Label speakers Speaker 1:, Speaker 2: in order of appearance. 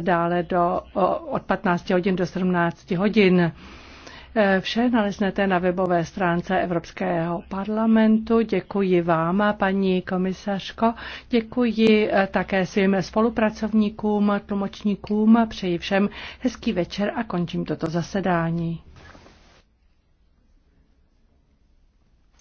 Speaker 1: dále do, od 15 hodin do 17 hodin. E, vše naleznete na webové stránce Evropského parlamentu. Děkuji vám, paní komisařko. Děkuji e, také svým spolupracovníkům, tlumočníkům. Přeji všem hezký večer a končím toto zasedání.